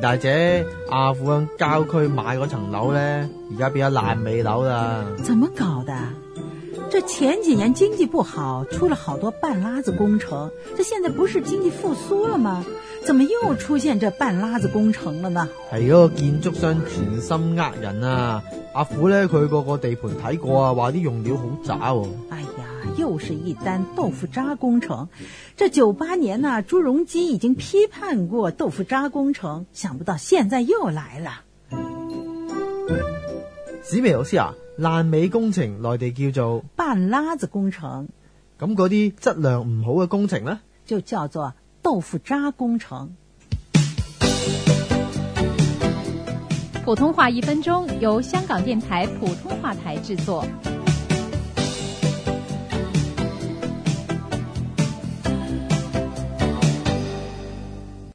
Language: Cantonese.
大姐，阿虎喺郊區買嗰層樓咧，而家變咗爛尾樓啦。怎麼搞的？這前幾年經濟不好，出了好多半拉子工程。這現在不是經濟復蘇了嗎？怎麼又出現這半拉子工程了呢？係個建築商全心呃人啊！阿虎咧，佢個個地盤睇過啊，話啲用料好渣喎。哎呀！又是一單豆腐渣工程。這九八年呢，啊，朱鎔基已經批判過豆腐渣工程，想不到現在又來了。紫薇老師啊，爛尾工程內地叫做半拉子工程，咁嗰啲質量唔好嘅工程呢，就叫做豆腐渣工程。普通話一分鐘由香港電台普通話台製作。